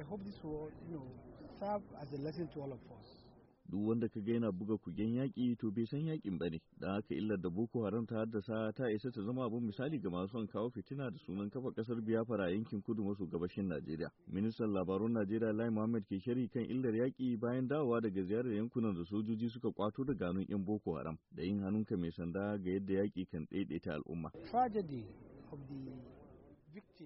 I hope this will, serve as a lesson to all of us. Duk wanda ka ga yana buga kugen yaƙi to bai san yaƙin ba ne, da haka illar da Boko Haram ta haddasa ta isa ta zama abin misali ga masu son kawo fitina da sunan kafa ƙasar Biafra a yankin kudu maso gabashin Najeriya. Ministan labarun Najeriya Lai Muhammad ke shari kan illar yaƙi bayan dawowa daga ziyarar yankunan da sojoji suka kwato da ganun 'yan Boko Haram da yin hannunka mai sanda ga yadda yaƙi kan ɗaiɗaita al'umma.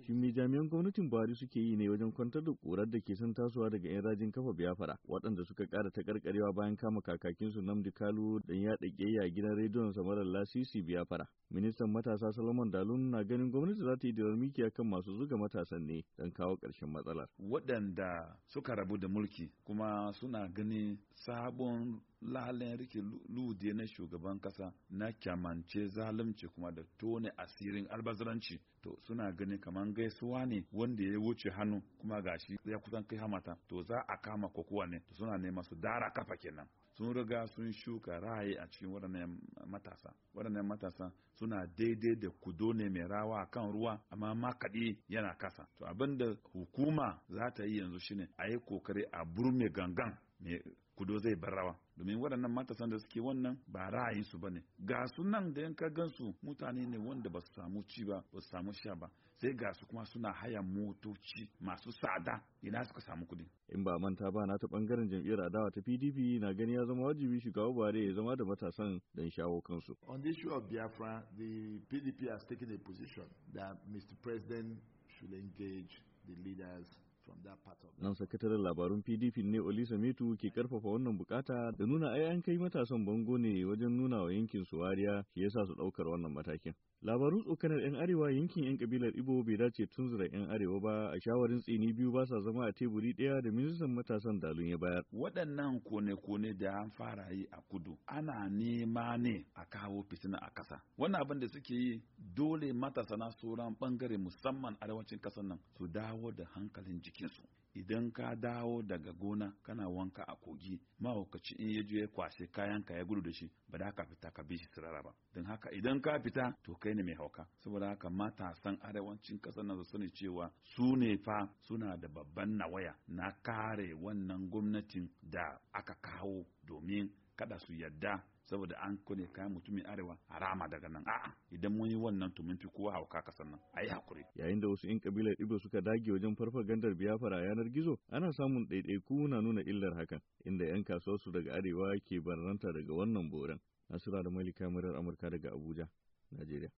Shin me jami'an gwamnatin Buhari suke yi ne wajen kwantar da ƙurar da ke son tasowa daga 'yan rajin kafa biyafara waɗanda suka ƙara ta ƙarƙarewa bayan kama kakakinsu Namdi Kalu don yaɗa ƙeya a gidan rediyon samarar lasisi biyafara. Ministan matasa Salomon Dalun na ganin gwamnati za ta yi da mikiya kan masu zuga matasan ne don kawo ƙarshen matsalar. Waɗanda suka rabu da mulki kuma suna ganin sabon lahalin rike lude na shugaban kasa na kyamance zalunci kuma da tone asirin albazaranci to suna gani kamar gaisuwa ne wanda ya wuce hannu kuma gashi ya kusan kai hamata to za a kama kokowa ne to suna neman su dara kafa kenan sun riga sun shuka ra'ayi a cikin waɗannan matasa waɗannan matasa suna daidai da kudo ne mai rawa a kan ruwa amma makaɗi yana kasa to abinda hukuma za ta yi yanzu shine a yi kokari a burme gangan me kudo zai bar rawa domin waɗannan matasan da suke wannan ba ra'ayin su bane ga su nan da yanka gansu mutane ne wanda ba su samu ci ba ba su samu sha ba sai ga su kuma suna haya motoci masu tsada ina suka samu kuɗi in ba manta ba na ta bangaren jam'iyyar adawa ta PDP na gani ya zama wajibi shugaba bare ya zama da matasan dan shawo kansu on the issue of Biafra the PDP has taken a position that Mr President should engage the leaders Nan sakataren labarun PDP ne Olisa Metu ke karfafa wannan bukata da nuna ai an kai matasan bango ne wajen nuna wa yankin su wariya shi yasa su daukar wannan matakin. Labarun tsokanar 'yan arewa yankin 'yan kabilar Ibo bai dace tun zura 'yan arewa ba a shawarin tsini biyu ba sa zama a teburi ɗaya da ministan matasan dalun ya bayar. Waɗannan kone-kone da an fara yi a kudu ana nema ne a kawo fitina a ƙasa. Wannan abin da suke yi dole matasa na sauran bangare musamman arewacin kasar nan su dawo da hankalin jikinsu idan ka dawo daga gona kana wanka a kogi mahaukaci in ya je ya kwashe kayan ka ya gudu da shi ba da ka fita ka bi shi sirara ba don haka idan ka fita to kai ne mai hauka saboda haka matasan arewacin kasar nan su sani cewa su ne fa suna da babban nawaya na kare wannan gwamnatin da aka kawo domin kada su yadda saboda an kone kayan mutumin arewa a rama daga nan a'a idan mun yi wannan to mun fi kowa hauka kasan nan ayi hakuri yayin da wasu yan kabilar ibo suka dage wajen farfar farfagandar biyafara yanar gizo ana samun ɗaiɗaiku na nuna illar hakan inda yan kasuwar daga arewa ke barranta daga wannan boran nasira da malika murar amurka daga abuja najeriya